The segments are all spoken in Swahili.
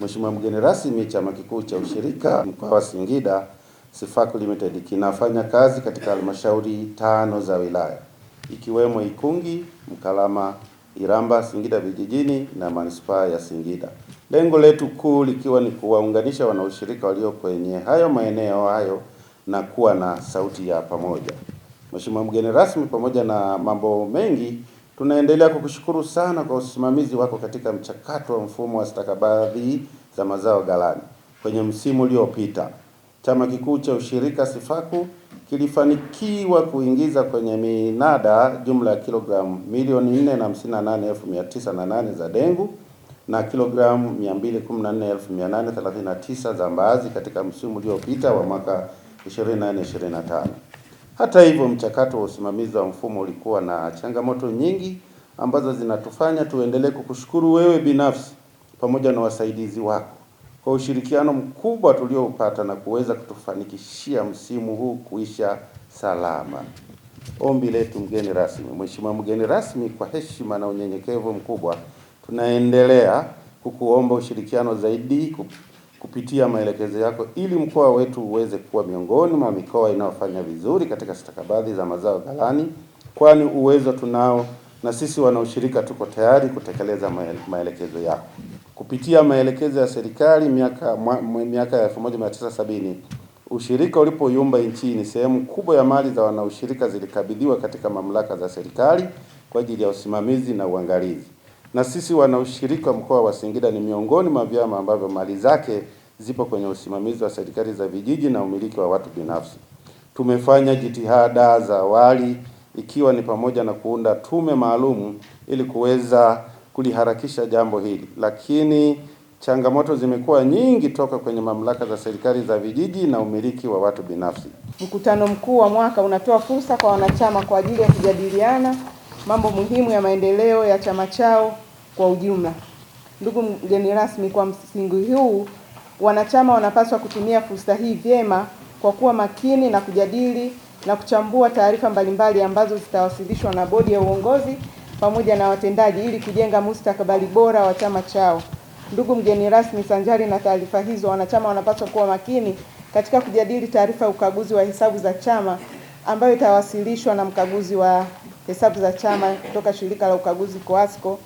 Mheshimiwa mgeni rasmi, chama kikuu cha ushirika mkoa wa Singida Sifaku Limited kinafanya kazi katika halmashauri tano za wilaya ikiwemo Ikungi, Mkalama, Iramba, Singida vijijini na manispaa ya Singida. Lengo letu kuu likiwa ni kuwaunganisha wanaushirika walio kwenye hayo maeneo hayo na kuwa na sauti ya pamoja. Mheshimiwa mgeni rasmi, pamoja na mambo mengi Tunaendelea kukushukuru sana kwa usimamizi wako katika mchakato wa mfumo wa stakabadhi za mazao ghalani. Kwenye msimu uliopita, chama kikuu cha ushirika Sifaku kilifanikiwa kuingiza kwenye minada jumla ya kilogramu milioni 458,908 za dengu na kilogramu 214,839 za mbaazi katika msimu uliopita wa mwaka 24 25. Hata hivyo, mchakato wa usimamizi wa mfumo ulikuwa na changamoto nyingi ambazo zinatufanya tuendelee kukushukuru wewe binafsi pamoja na wasaidizi wako kwa ushirikiano mkubwa tulioupata na kuweza kutufanikishia msimu huu kuisha salama. Ombi letu mgeni rasmi. Mheshimiwa mgeni rasmi, kwa heshima na unyenyekevu mkubwa tunaendelea kukuomba ushirikiano zaidi kupitia maelekezo yako ili mkoa wetu uweze kuwa miongoni mwa mikoa inayofanya vizuri katika stakabadhi za mazao ghalani, kwani uwezo tunao na sisi wanaoshirika tuko tayari kutekeleza maelekezo yako. Kupitia maelekezo ya serikali miaka miaka ya 1970 ushirika ulipoyumba nchini, sehemu kubwa ya mali za wanaushirika zilikabidhiwa katika mamlaka za serikali kwa ajili ya usimamizi na uangalizi na sisi wanaushirika mkoa wa Singida ni miongoni mwa vyama ambavyo mali zake zipo kwenye usimamizi wa serikali za vijiji na umiliki wa watu binafsi. Tumefanya jitihada za awali ikiwa ni pamoja na kuunda tume maalum ili kuweza kuliharakisha jambo hili, lakini changamoto zimekuwa nyingi toka kwenye mamlaka za serikali za vijiji na umiliki wa watu binafsi. Mkutano mkuu wa mwaka unatoa fursa kwa wanachama kwa ajili ya kujadiliana mambo muhimu ya maendeleo ya chama chao kwa ujumla. Ndugu mgeni rasmi, kwa msingi huu wanachama wanapaswa kutumia fursa hii vyema kwa kuwa makini na kujadili na kuchambua taarifa mbalimbali ambazo zitawasilishwa na bodi ya uongozi pamoja na watendaji ili kujenga mustakabali bora wa chama chao. Ndugu mgeni rasmi, sanjari na taarifa hizo, wanachama wanapaswa kuwa makini katika kujadili taarifa ya ukaguzi wa hesabu za chama ambayo itawasilishwa na mkaguzi wa hesabu za chama kutoka shirika la ukaguzi COASCO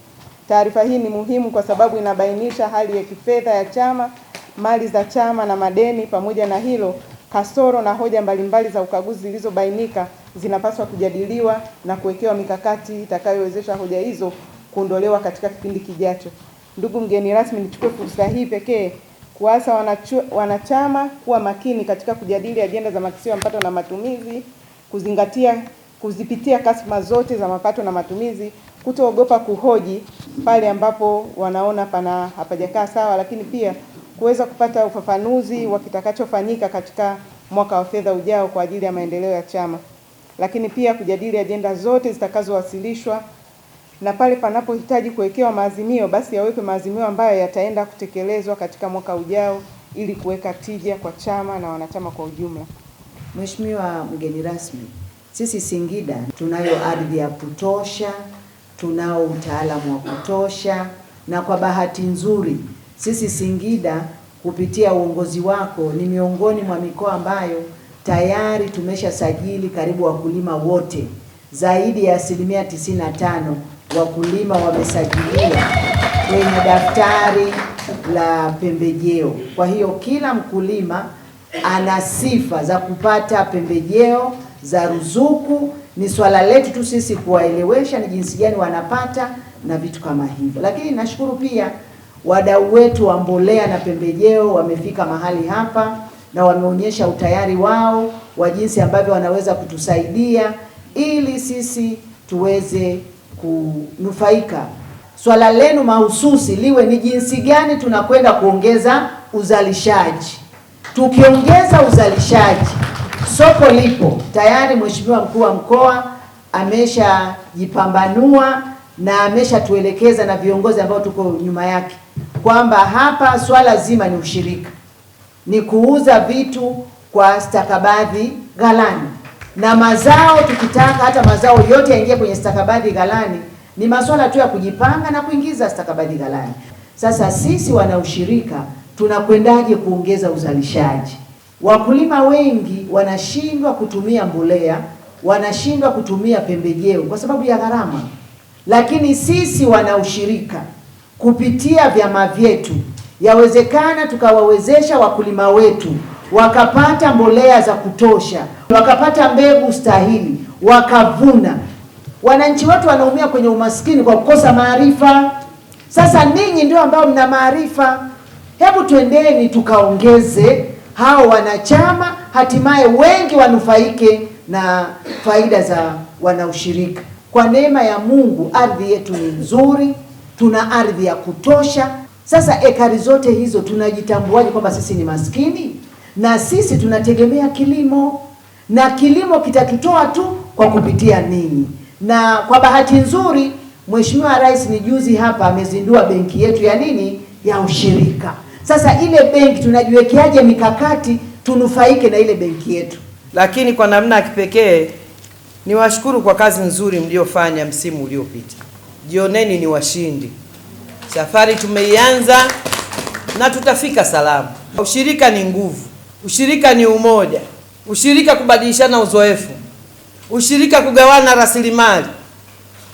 Taarifa hii ni muhimu kwa sababu inabainisha hali ya kifedha ya chama, mali za chama na madeni. Pamoja na hilo, kasoro na hoja mbalimbali za ukaguzi zilizobainika zinapaswa kujadiliwa na kuwekewa mikakati itakayowezesha hoja hizo kuondolewa katika kipindi kijacho. Ndugu mgeni rasmi, nichukue fursa hii pekee kuasa wanachama kuwa makini katika kujadili ajenda za makisio ya mapato na matumizi, kuzingatia kuzipitia kasma zote za mapato na matumizi kutoogopa kuhoji pale ambapo wanaona pana hapajakaa sawa, lakini pia kuweza kupata ufafanuzi wa kitakachofanyika katika mwaka wa fedha ujao kwa ajili ya maendeleo ya chama, lakini pia kujadili ajenda zote zitakazowasilishwa na pale panapohitaji kuwekewa maazimio basi yawekwe maazimio ambayo yataenda kutekelezwa katika mwaka ujao ili kuweka tija kwa chama na wanachama kwa ujumla. Mheshimiwa mgeni rasmi, sisi Singida tunayo ardhi ya kutosha tunao utaalamu wa kutosha, na kwa bahati nzuri sisi Singida kupitia uongozi wako ni miongoni mwa mikoa ambayo tayari tumeshasajili karibu wakulima wote, zaidi ya asilimia 95 wakulima wamesajiliwa kwenye daftari la pembejeo. Kwa hiyo kila mkulima ana sifa za kupata pembejeo za ruzuku ni swala letu tu sisi kuwaelewesha ni jinsi gani wanapata na vitu kama hivyo. Lakini nashukuru pia wadau wetu wa mbolea na pembejeo wamefika mahali hapa na wameonyesha utayari wao wa jinsi ambavyo wanaweza kutusaidia ili sisi tuweze kunufaika. Swala lenu mahususi liwe ni jinsi gani tunakwenda kuongeza uzalishaji. Tukiongeza uzalishaji Soko lipo tayari. Mheshimiwa mkuu wa mkoa ameshajipambanua na ameshatuelekeza na viongozi ambao tuko nyuma yake kwamba hapa swala zima ni ushirika, ni kuuza vitu kwa stakabadhi ghalani na mazao. Tukitaka hata mazao yote yaingie kwenye stakabadhi ghalani, ni masuala tu ya kujipanga na kuingiza stakabadhi ghalani. Sasa sisi wana ushirika tunakwendaje kuongeza uzalishaji? Wakulima wengi wanashindwa kutumia mbolea, wanashindwa kutumia pembejeo kwa sababu ya gharama, lakini sisi wana ushirika kupitia vyama vyetu, yawezekana tukawawezesha wakulima wetu wakapata mbolea za kutosha, wakapata mbegu stahili, wakavuna. Wananchi wetu wanaumia kwenye umaskini kwa kukosa maarifa. Sasa ninyi ndio ambao mna maarifa, hebu twendeni tukaongeze hao wanachama hatimaye wengi wanufaike na faida za wanaushirika. Kwa neema ya Mungu, ardhi yetu ni nzuri, tuna ardhi ya kutosha. Sasa ekari zote hizo tunajitambuaje kwamba sisi ni maskini? Na sisi tunategemea kilimo, na kilimo kitatutoa tu kwa kupitia ninyi. Na kwa bahati nzuri, Mheshimiwa Rais ni juzi hapa amezindua benki yetu ya nini ya ushirika. Sasa ile benki tunajiwekeaje mikakati tunufaike na ile benki yetu? Lakini kwa namna ya kipekee niwashukuru kwa kazi nzuri mliofanya msimu uliopita. Jioneni ni washindi, safari tumeianza na tutafika salama. Ushirika ni nguvu, ushirika ni umoja, ushirika kubadilishana uzoefu, ushirika kugawana rasilimali,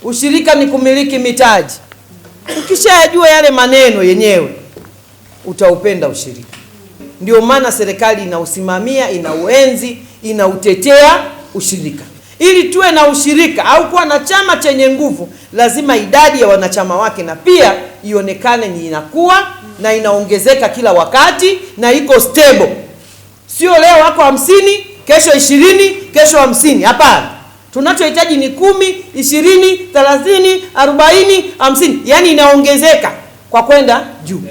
ushirika ni kumiliki mitaji. Ukishayajua yale maneno yenyewe utaupenda ushirika. Ndio maana serikali inausimamia, inauenzi, inautetea ushirika. Ili tuwe na ushirika au kuwa na chama chenye nguvu, lazima idadi ya wanachama wake na pia ionekane ni inakuwa na inaongezeka kila wakati na iko stable, sio leo wako hamsini, kesho ishirini, kesho hamsini. Hapana, tunachohitaji ni kumi, ishirini, thelathini, arobaini, hamsini, yaani inaongezeka kwa kwenda juu.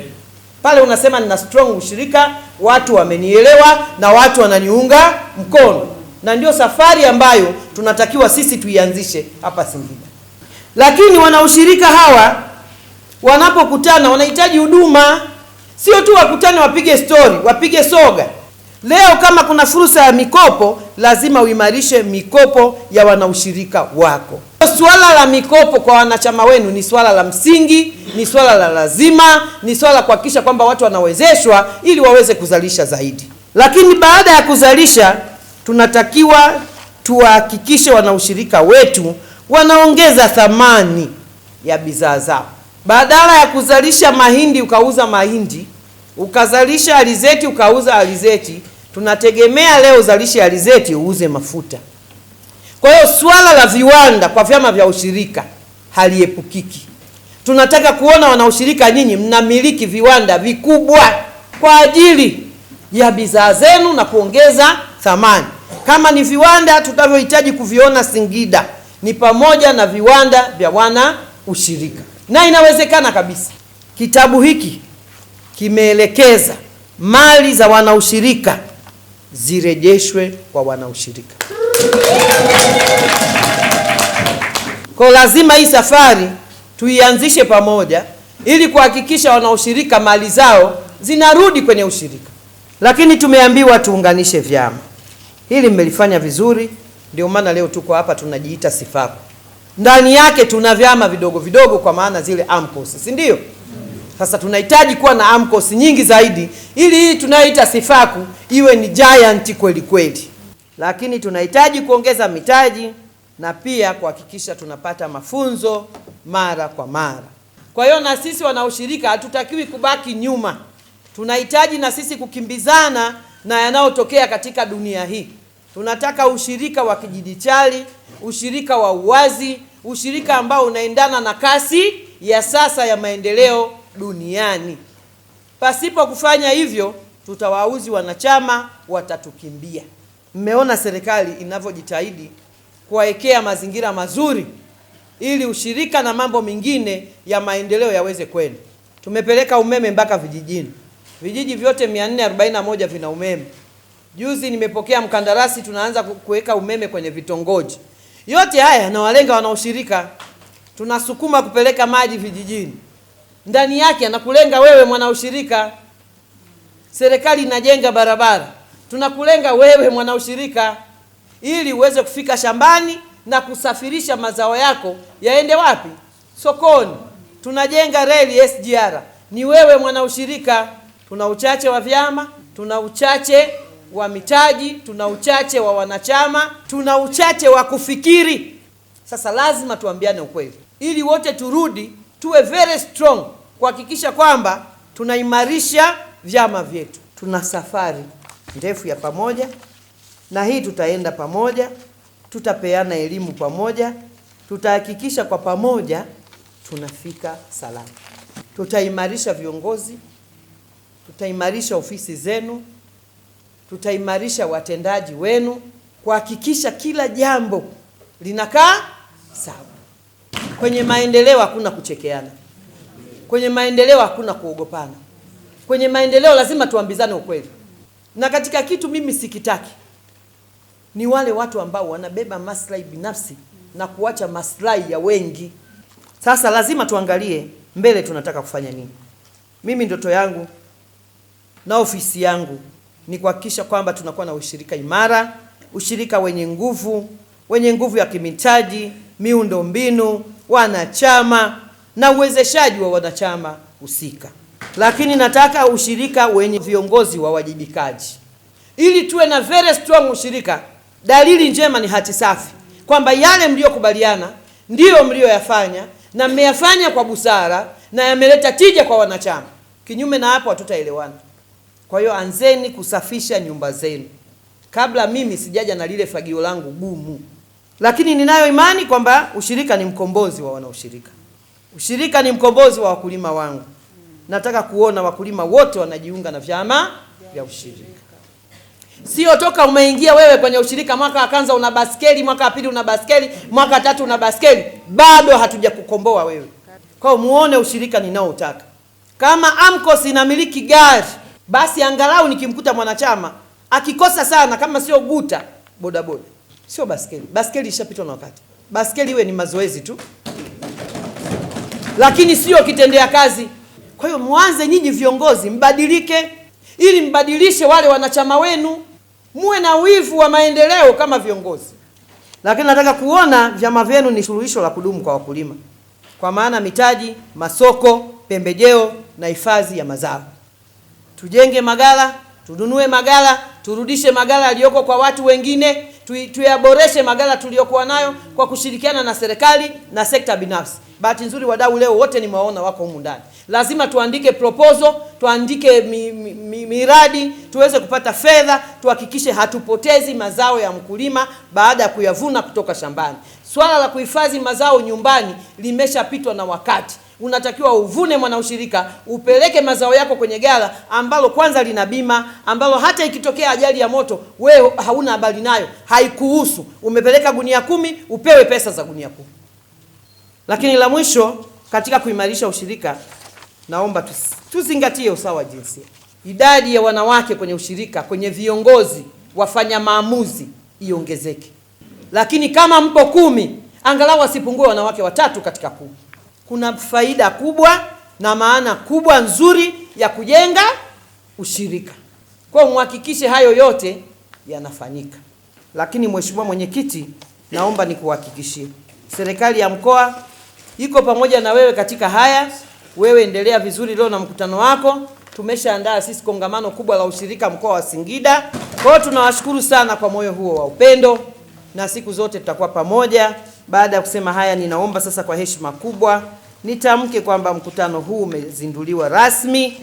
Pale unasema nina strong ushirika, watu wamenielewa na watu wananiunga mkono, na ndio safari ambayo tunatakiwa sisi tuianzishe hapa Singida. Lakini wanaushirika hawa wanapokutana wanahitaji huduma, sio tu wakutane wapige stori, wapige soga Leo kama kuna fursa ya mikopo, lazima uimarishe mikopo ya wanaushirika wako. Swala la mikopo kwa wanachama wenu ni swala la msingi, ni swala la lazima, ni swala la kuhakikisha kwamba watu wanawezeshwa ili waweze kuzalisha zaidi. Lakini baada ya kuzalisha, tunatakiwa tuwahakikishe wanaushirika wetu wanaongeza thamani ya bidhaa zao. Badala ya kuzalisha mahindi ukauza mahindi, ukazalisha alizeti ukauza alizeti, tunategemea leo uzalishe alizeti uuze mafuta. Kwa hiyo swala la viwanda kwa vyama vya ushirika haliepukiki. Tunataka kuona wanaushirika, nyinyi mnamiliki viwanda vikubwa kwa ajili ya bidhaa zenu na kuongeza thamani. Kama ni viwanda tutavyohitaji kuviona Singida ni pamoja na viwanda vya wana ushirika, na inawezekana kabisa. Kitabu hiki kimeelekeza mali za wanaushirika zirejeshwe kwa wanaushirika. Kwa lazima hii safari tuianzishe pamoja ili kuhakikisha wanaushirika mali zao zinarudi kwenye ushirika. Lakini tumeambiwa tuunganishe vyama, hili mmelifanya vizuri, ndio maana leo tuko hapa tunajiita Sifaku. Ndani yake tuna vyama vidogo vidogo, kwa maana zile AMCOS, si ndio? Sasa tunahitaji kuwa na AMCOS nyingi zaidi ili hii tunayoita sifaku iwe ni giant kweli kweli, lakini tunahitaji kuongeza mitaji na pia kuhakikisha tunapata mafunzo mara kwa mara. Kwa hiyo na sisi wanaoshirika hatutakiwi kubaki nyuma, tunahitaji na sisi kukimbizana na yanayotokea katika dunia hii. Tunataka ushirika wa kidijitali, ushirika wa uwazi, ushirika ambao unaendana na kasi ya sasa ya maendeleo duniani. Pasipo kufanya hivyo, tutawauzi wanachama, watatukimbia. Mmeona serikali inavyojitahidi kuwawekea mazingira mazuri ili ushirika na mambo mengine ya maendeleo yaweze kwenda. Tumepeleka umeme mpaka vijijini, vijiji vyote 441 vina umeme. Juzi nimepokea mkandarasi, tunaanza kuweka umeme kwenye vitongoji. Yote haya yanawalenga wanaoshirika. Tunasukuma kupeleka maji vijijini ndani yake anakulenga wewe mwana ushirika. Serikali inajenga barabara, tunakulenga wewe mwana ushirika, ili uweze kufika shambani na kusafirisha mazao yako yaende wapi? Sokoni. Tunajenga reli SGR, ni wewe mwana ushirika. Tuna uchache wa vyama, tuna uchache wa mitaji, tuna uchache wa wanachama, tuna uchache wa kufikiri. Sasa lazima tuambiane ukweli, ili wote turudi tuwe very strong kuhakikisha kwamba tunaimarisha vyama vyetu. Tuna safari ndefu ya pamoja, na hii tutaenda pamoja, tutapeana elimu pamoja, tutahakikisha kwa pamoja tunafika salama. Tutaimarisha viongozi, tutaimarisha ofisi zenu, tutaimarisha watendaji wenu kuhakikisha kila jambo linakaa sawa. Kwenye maendeleo hakuna kuchekeana, kwenye maendeleo hakuna kuogopana, kwenye maendeleo lazima tuambizane ukweli. Na katika kitu mimi sikitaki ni wale watu ambao wanabeba maslahi binafsi na kuacha maslahi ya wengi. Sasa lazima tuangalie mbele, tunataka kufanya nini. Mimi ndoto yangu na ofisi yangu ni kuhakikisha kwamba tunakuwa na ushirika imara, ushirika wenye nguvu, wenye nguvu ya kimitaji, miundo mbinu wanachama na uwezeshaji wa wanachama husika. Lakini nataka ushirika wenye viongozi wa wajibikaji, ili tuwe na very strong ushirika. Dalili njema ni hati safi, kwamba yale mliyokubaliana ndiyo mliyoyafanya na mmeyafanya kwa busara na yameleta tija kwa wanachama. Kinyume na hapo, hatutaelewana. Kwa hiyo, anzeni kusafisha nyumba zenu kabla mimi sijaja na lile fagio langu gumu lakini ninayo imani kwamba ushirika ni mkombozi wa wanaushirika. Ushirika ni mkombozi wa wakulima wangu. Nataka kuona wakulima wote wanajiunga na vyama vya ushirika. Sio toka umeingia wewe kwenye ushirika, mwaka wa kwanza una baskeli, mwaka wa pili una baskeli, mwaka wa tatu una baskeli, bado hatuja kukomboa wewe. Kwa muone ushirika ninaotaka. Kama AMCOS inamiliki gari, basi angalau nikimkuta mwanachama akikosa sana, kama sio guta bodaboda sio baskeli. Baskeli ishapitwa na wakati. Baskeli iwe ni mazoezi tu, lakini sio kitendea kazi. Kwa hiyo mwanze nyinyi viongozi mbadilike, ili mbadilishe wale wanachama wenu, muwe na wivu wa maendeleo kama viongozi. Lakini nataka kuona vyama vyenu ni suluhisho la kudumu kwa wakulima, kwa maana mitaji, masoko, pembejeo na hifadhi ya mazao. Tujenge magala, tununue magala, turudishe magala yaliyoko kwa watu wengine tuyaboreshe magala tuliyokuwa nayo kwa kushirikiana na serikali na sekta binafsi. Bahati nzuri wadau leo wote nimewaona wako humu ndani. Lazima tuandike proposal, tuandike mi, mi, mi, miradi tuweze kupata fedha, tuhakikishe hatupotezi mazao ya mkulima baada ya kuyavuna kutoka shambani. Swala la kuhifadhi mazao nyumbani limeshapitwa na wakati unatakiwa uvune mwana ushirika, upeleke mazao yako kwenye gala ambalo kwanza lina bima, ambalo hata ikitokea ajali ya moto wewe hauna habari nayo, haikuhusu. Umepeleka gunia kumi, upewe pesa za gunia kumi. Lakini la mwisho katika kuimarisha ushirika, naomba tuzingatie usawa jinsia. Idadi ya wanawake kwenye ushirika, kwenye viongozi, wafanya maamuzi iongezeke, lakini kama mpo kumi, angalau asipungue wanawake watatu katika kumi kuna faida kubwa na maana kubwa nzuri ya kujenga ushirika. Kwa muhakikishe hayo yote yanafanyika. Lakini Mheshimiwa Mwenyekiti, naomba nikuhakikishie serikali ya mkoa iko pamoja na wewe katika haya. Wewe endelea vizuri leo na mkutano wako. Tumeshaandaa sisi kongamano kubwa la ushirika mkoa wa Singida. Kwa hiyo tunawashukuru sana kwa moyo huo wa upendo, na siku zote tutakuwa pamoja. Baada ya kusema haya, ninaomba sasa kwa heshima kubwa nitamke kwamba mkutano huu umezinduliwa rasmi.